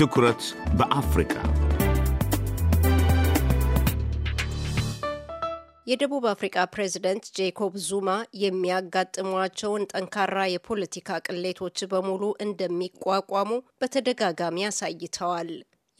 ትኩረት በአፍሪካ የደቡብ አፍሪካ ፕሬዝደንት ጄኮብ ዙማ የሚያጋጥሟቸውን ጠንካራ የፖለቲካ ቅሌቶች በሙሉ እንደሚቋቋሙ በተደጋጋሚ አሳይተዋል።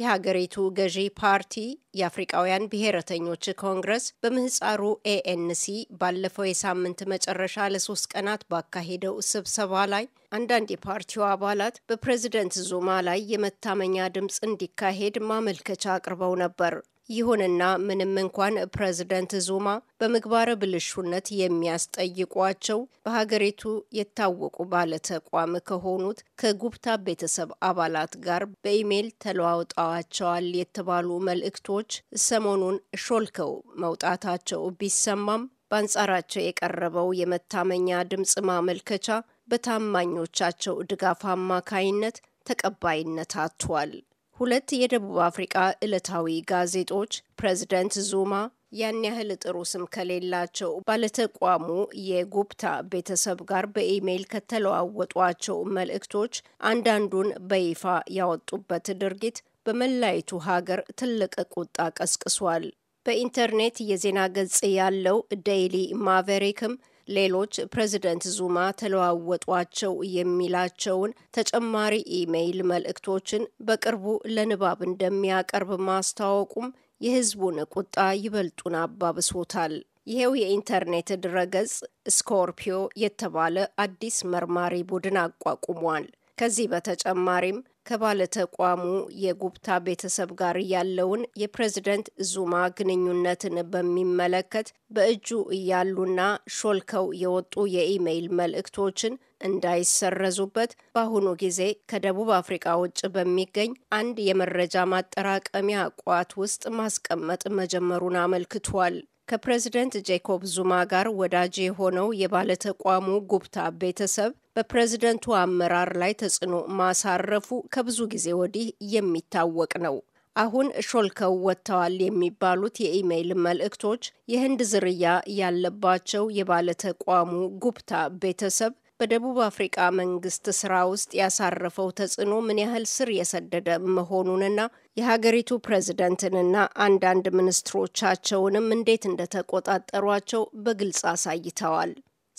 የሀገሪቱ ገዢ ፓርቲ የአፍሪቃውያን ብሔረተኞች ኮንግረስ በምህፃሩ ኤኤንሲ ባለፈው የሳምንት መጨረሻ ለሶስት ቀናት ባካሄደው ስብሰባ ላይ አንዳንድ የፓርቲው አባላት በፕሬዝደንት ዙማ ላይ የመታመኛ ድምፅ እንዲካሄድ ማመልከቻ አቅርበው ነበር። ይሁንና ምንም እንኳን ፕሬዝደንት ዙማ በምግባረ ብልሹነት የሚያስጠይቋቸው በሀገሪቱ የታወቁ ባለተቋም ከሆኑት ከጉብታ ቤተሰብ አባላት ጋር በኢሜይል ተለዋውጠዋቸዋል የተባሉ መልእክቶች ሰሞኑን ሾልከው መውጣታቸው ቢሰማም በአንጻራቸው የቀረበው የመታመኛ ድምፅ ማመልከቻ በታማኞቻቸው ድጋፍ አማካይነት ተቀባይነት አጥቷል። ሁለት የደቡብ አፍሪቃ ዕለታዊ ጋዜጦች ፕሬዝደንት ዙማ ያን ያህል ጥሩ ስም ከሌላቸው ባለተቋሙ የጉፕታ ቤተሰብ ጋር በኢሜይል ከተለዋወጧቸው መልእክቶች አንዳንዱን በይፋ ያወጡበት ድርጊት በመላይቱ ሀገር ትልቅ ቁጣ ቀስቅሷል። በኢንተርኔት የዜና ገጽ ያለው ዴይሊ ማቨሪክም ሌሎች ፕሬዚደንት ዙማ ተለዋወጧቸው የሚላቸውን ተጨማሪ ኢሜይል መልእክቶችን በቅርቡ ለንባብ እንደሚያቀርብ ማስታወቁም የህዝቡን ቁጣ ይበልጡን አባብሶታል። ይሄው የኢንተርኔት ድረገጽ ስኮርፒዮ የተባለ አዲስ መርማሪ ቡድን አቋቁሟል። ከዚህ በተጨማሪም ከባለተቋሙ የጉብታ ቤተሰብ ጋር ያለውን የፕሬዝደንት ዙማ ግንኙነትን በሚመለከት በእጁ እያሉና ሾልከው የወጡ የኢሜይል መልእክቶችን እንዳይሰረዙበት በአሁኑ ጊዜ ከደቡብ አፍሪካ ውጭ በሚገኝ አንድ የመረጃ ማጠራቀሚያ ቋት ውስጥ ማስቀመጥ መጀመሩን አመልክቷል። ከፕሬዝደንት ጄኮብ ዙማ ጋር ወዳጅ የሆነው የባለተቋሙ ጉብታ ቤተሰብ በፕሬዝደንቱ አመራር ላይ ተጽዕኖ ማሳረፉ ከብዙ ጊዜ ወዲህ የሚታወቅ ነው። አሁን ሾልከው ወጥተዋል የሚባሉት የኢሜይል መልእክቶች የህንድ ዝርያ ያለባቸው የባለተቋሙ ጉፕታ ቤተሰብ በደቡብ አፍሪቃ መንግስት ስራ ውስጥ ያሳረፈው ተጽዕኖ ምን ያህል ስር የሰደደ መሆኑንና የሀገሪቱ ፕሬዝደንትንና አንዳንድ ሚኒስትሮቻቸውንም እንዴት እንደተቆጣጠሯቸው በግልጽ አሳይተዋል።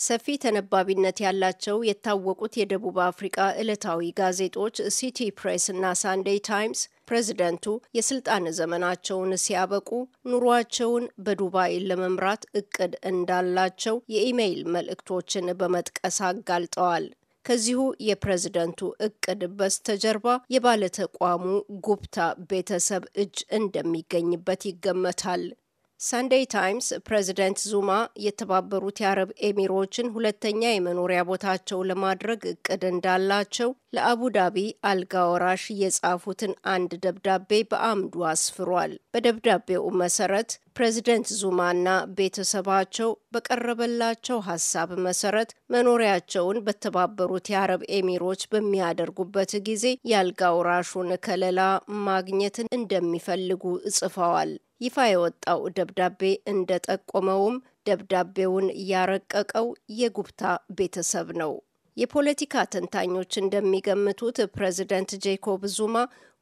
ሰፊ ተነባቢነት ያላቸው የታወቁት የደቡብ አፍሪቃ ዕለታዊ ጋዜጦች ሲቲ ፕሬስ እና ሳንዴይ ታይምስ ፕሬዝደንቱ የስልጣን ዘመናቸውን ሲያበቁ ኑሯቸውን በዱባይ ለመምራት እቅድ እንዳላቸው የኢሜይል መልእክቶችን በመጥቀስ አጋልጠዋል። ከዚሁ የፕሬዝደንቱ እቅድ በስተጀርባ የባለተቋሙ ጉፕታ ቤተሰብ እጅ እንደሚገኝበት ይገመታል። ሰንዴይ ታይምስ ፕሬዚደንት ዙማ የተባበሩት የአረብ ኤሚሮችን ሁለተኛ የመኖሪያ ቦታቸው ለማድረግ እቅድ እንዳላቸው ለአቡዳቢ አልጋ ወራሽ የጻፉትን አንድ ደብዳቤ በአምዱ አስፍሯል። በደብዳቤው መሰረት ፕሬዚደንት ዙማና ቤተሰባቸው በቀረበላቸው ሀሳብ መሰረት መኖሪያቸውን በተባበሩት የአረብ ኤሚሮች በሚያደርጉበት ጊዜ የአልጋ ወራሹን ከለላ ማግኘትን እንደሚፈልጉ ጽፈዋል። ይፋ የወጣው ደብዳቤ እንደጠቆመውም ደብዳቤውን ያረቀቀው የጉብታ ቤተሰብ ነው። የፖለቲካ ተንታኞች እንደሚገምቱት ፕሬዚደንት ጄኮብ ዙማ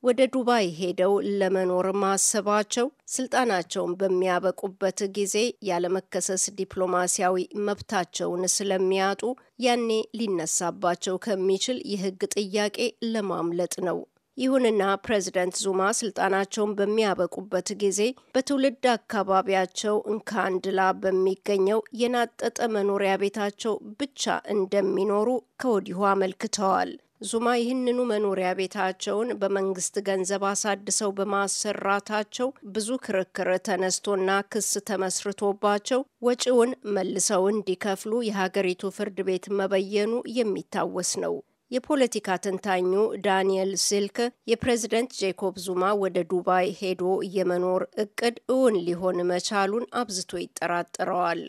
ወደ ዱባይ ሄደው ለመኖር ማሰባቸው ስልጣናቸውን በሚያበቁበት ጊዜ ያለመከሰስ ዲፕሎማሲያዊ መብታቸውን ስለሚያጡ ያኔ ሊነሳባቸው ከሚችል የሕግ ጥያቄ ለማምለጥ ነው። ይሁንና ፕሬዚደንት ዙማ ስልጣናቸውን በሚያበቁበት ጊዜ በትውልድ አካባቢያቸው እንካንድላ በሚገኘው የናጠጠ መኖሪያ ቤታቸው ብቻ እንደሚኖሩ ከወዲሁ አመልክተዋል። ዙማ ይህንኑ መኖሪያ ቤታቸውን በመንግስት ገንዘብ አሳድሰው በማሰራታቸው ብዙ ክርክር ተነስቶና ክስ ተመስርቶባቸው ወጪውን መልሰው እንዲከፍሉ የሀገሪቱ ፍርድ ቤት መበየኑ የሚታወስ ነው። የፖለቲካ ተንታኙ ዳንኤል ሲልክ የፕሬዝደንት ጄኮብ ዙማ ወደ ዱባይ ሄዶ የመኖር እቅድ እውን ሊሆን መቻሉን አብዝቶ ይጠራጥረዋል።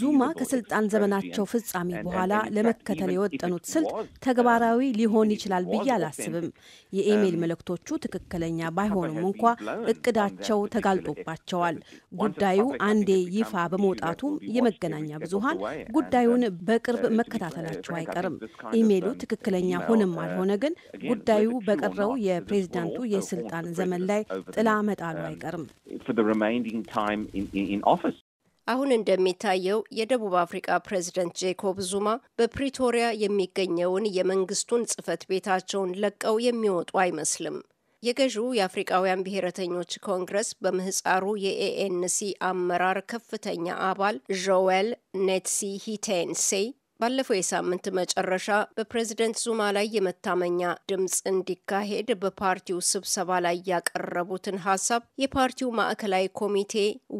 ዙማ ከስልጣን ዘመናቸው ፍጻሜ በኋላ ለመከተል የወጠኑት ስልት uh, ተግባራዊ ሊሆን ይችላል ብዬ አላስብም። የኢሜይል um, መልእክቶቹ ትክክለኛ ባይሆኑም እንኳ እቅዳቸው ተጋልጦባቸዋል። ጉዳዩ አንዴ ይፋ በመውጣቱም የመገናኛ ብዙሃን ጉዳዩን በቅርብ መከታተላቸው መሆናቸው አይቀርም። ኢሜይሉ ትክክለኛ ሆነም አልሆነ ግን ጉዳዩ በቀረው የፕሬዝዳንቱ የስልጣን ዘመን ላይ ጥላ መጣሉ አይቀርም። አሁን እንደሚታየው የደቡብ አፍሪካ ፕሬዝደንት ጄኮብ ዙማ በፕሪቶሪያ የሚገኘውን የመንግስቱን ጽህፈት ቤታቸውን ለቀው የሚወጡ አይመስልም። የገዢው የአፍሪቃውያን ብሔረተኞች ኮንግረስ በምህፃሩ የኤኤንሲ አመራር ከፍተኛ አባል ዦዌል ኔትሲ ሂቴንሴይ ባለፈው የሳምንት መጨረሻ በፕሬዝደንት ዙማ ላይ የመታመኛ ድምፅ እንዲካሄድ በፓርቲው ስብሰባ ላይ ያቀረቡትን ሀሳብ የፓርቲው ማዕከላዊ ኮሚቴ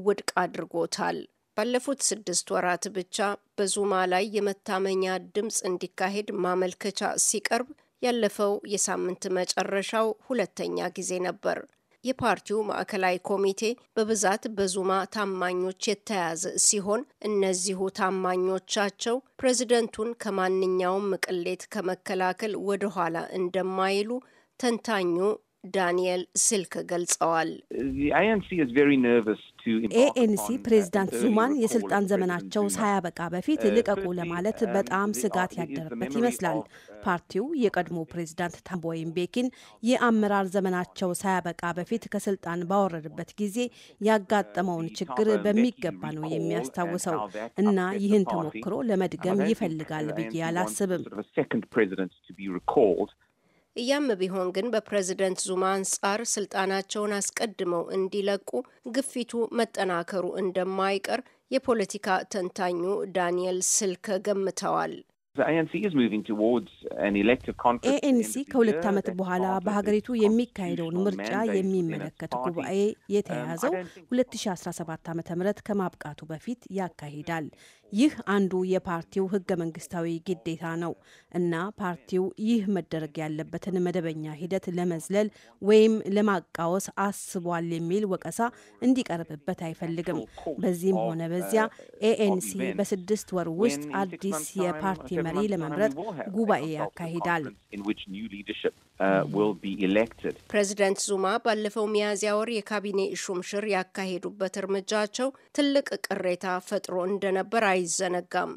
ውድቅ አድርጎታል። ባለፉት ስድስት ወራት ብቻ በዙማ ላይ የመታመኛ ድምፅ እንዲካሄድ ማመልከቻ ሲቀርብ ያለፈው የሳምንት መጨረሻው ሁለተኛ ጊዜ ነበር። የፓርቲው ማዕከላዊ ኮሚቴ በብዛት በዙማ ታማኞች የተያዘ ሲሆን እነዚሁ ታማኞቻቸው ፕሬዝደንቱን ከማንኛውም ቅሌት ከመከላከል ወደኋላ እንደማይሉ ተንታኙ ዳንኤል ስልክ ገልጸዋል። ኤኤንሲ ፕሬዚዳንት ዙማን የስልጣን ዘመናቸው ሳያበቃ በፊት uh, ልቀቁ ለማለት uh, በጣም ስጋት ያደረበት ይመስላል። uh, ፓርቲው የቀድሞ ፕሬዚዳንት ታምቦ ምቤኪን የአመራር ዘመናቸው ሳያበቃ በፊት ከስልጣን ባወረድበት ጊዜ ያጋጠመውን ችግር በሚገባ ነው የሚያስታውሰው እና ይህን ተሞክሮ ለመድገም ይፈልጋል ብዬ አላስብም። እያም ቢሆን ግን በፕሬዝደንት ዙማ አንጻር ስልጣናቸውን አስቀድመው እንዲለቁ ግፊቱ መጠናከሩ እንደማይቀር የፖለቲካ ተንታኙ ዳንኤል ስልከ ገምተዋል። ኤኤንሲ ከሁለት ዓመት በኋላ በሀገሪቱ የሚካሄደውን ምርጫ የሚመለከት ጉባኤ um, የተያዘው 2017 ዓ ም ከማብቃቱ በፊት ያካሂዳል። ይህ አንዱ የፓርቲው ህገ መንግስታዊ ግዴታ ነው እና ፓርቲው ይህ መደረግ ያለበትን መደበኛ ሂደት ለመዝለል ወይም ለማቃወስ አስቧል የሚል ወቀሳ እንዲቀርብበት አይፈልግም። በዚህም ሆነ በዚያ ኤኤንሲ በስድስት ወር ውስጥ አዲስ የፓርቲ መሪ ለመምረጥ ጉባኤ ያካሂዳል። ፕሬዚደንት uh, ዙማ ባለፈው ሚያዝያ ወር የካቢኔ ሹምሽር ያካሄዱበት እርምጃቸው ትልቅ ቅሬታ ፈጥሮ እንደነበር አይዘነጋም።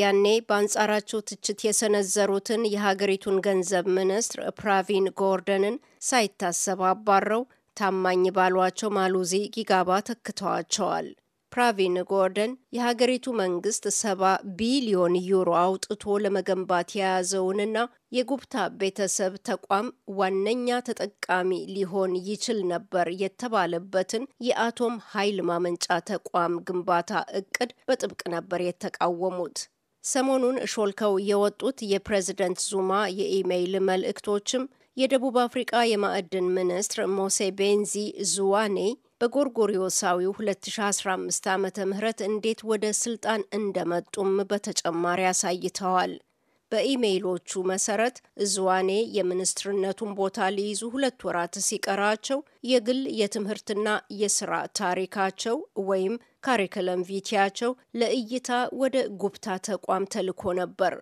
ያኔ በአንጻራቸው ትችት የሰነዘሩትን የሀገሪቱን ገንዘብ ሚኒስትር ፕራቪን ጎርደንን ሳይታሰብ አባረው ታማኝ ባሏቸው ማሉዚ ጊጋባ ተክተዋቸዋል። ፕራቪን ጎርደን የሀገሪቱ መንግስት ሰባ ቢሊዮን ዩሮ አውጥቶ ለመገንባት የያዘውንና የጉብታ ቤተሰብ ተቋም ዋነኛ ተጠቃሚ ሊሆን ይችል ነበር የተባለበትን የአቶም ኃይል ማመንጫ ተቋም ግንባታ እቅድ በጥብቅ ነበር የተቃወሙት። ሰሞኑን ሾልከው የወጡት የፕሬዝደንት ዙማ የኢሜይል መልእክቶችም የደቡብ አፍሪቃ የማዕድን ሚኒስትር ሞሴ ቤንዚ ዙዋኔ በጎርጎሪዮሳዊው 2015 ዓ ም እንዴት ወደ ስልጣን እንደመጡም በተጨማሪ አሳይተዋል። በኢሜይሎቹ መሰረት እዝዋኔ የሚኒስትርነቱን ቦታ ሊይዙ ሁለት ወራት ሲቀራቸው የግል የትምህርትና የስራ ታሪካቸው ወይም ካሪክለም ቪቲያቸው ለእይታ ወደ ጉብታ ተቋም ተልኮ ነበር።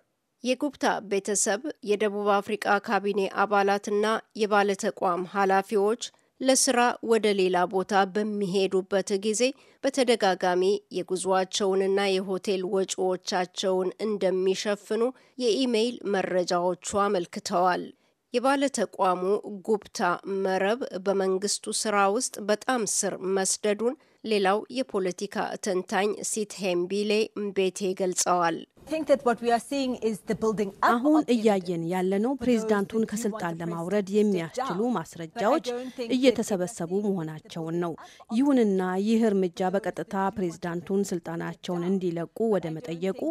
የጉብታ ቤተሰብ የደቡብ አፍሪቃ ካቢኔ አባላትና የባለተቋም ኃላፊዎች ለስራ ወደ ሌላ ቦታ በሚሄዱበት ጊዜ በተደጋጋሚ የጉዟቸውንና የሆቴል ወጪዎቻቸውን እንደሚሸፍኑ የኢሜይል መረጃዎቹ አመልክተዋል። የባለተቋሙ ጉብታ መረብ በመንግስቱ ስራ ውስጥ በጣም ስር መስደዱን ሌላው የፖለቲካ ተንታኝ ሲትሄምቢሌ ምቤቴ ገልጸዋል። አሁን እያየን ያለነው ፕሬዝዳንቱን ከስልጣን ለማውረድ የሚያስችሉ ማስረጃዎች እየተሰበሰቡ መሆናቸውን ነው። ይሁንና ይህ እርምጃ በቀጥታ ፕሬዝዳንቱን ስልጣናቸውን እንዲለቁ ወደ መጠየቁ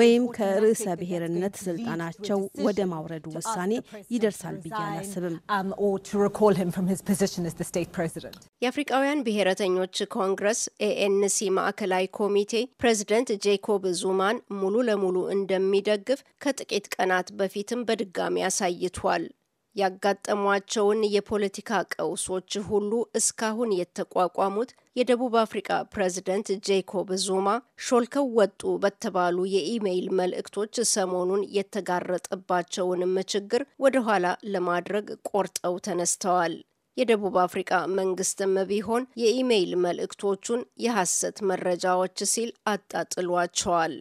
ወይም ከርዕሰ ብሔርነት ስልጣናቸው ወደ ማውረዱ ውሳኔ ይደርሳል ብዬ አላስብም። um, የአፍሪቃውያን ብሔረተኞች ኮንግረስ ኤኤንሲ ማዕከላዊ ኮሚቴ ፕሬዝደንት ጄኮብ ዙማን ሙሉ ለሙሉ እንደሚደግፍ ከጥቂት ቀናት በፊትም በድጋሚ አሳይቷል። ያጋጠሟቸውን የፖለቲካ ቀውሶች ሁሉ እስካሁን የተቋቋሙት የደቡብ አፍሪቃ ፕሬዝደንት ጄኮብ ዙማ ሾልከው ወጡ በተባሉ የኢሜይል መልእክቶች ሰሞኑን የተጋረጠባቸውንም ችግር ወደኋላ ለማድረግ ቆርጠው ተነስተዋል። የደቡብ አፍሪቃ መንግስትም ቢሆን የኢሜይል መልእክቶቹን የሐሰት መረጃዎች ሲል አጣጥሏቸዋል።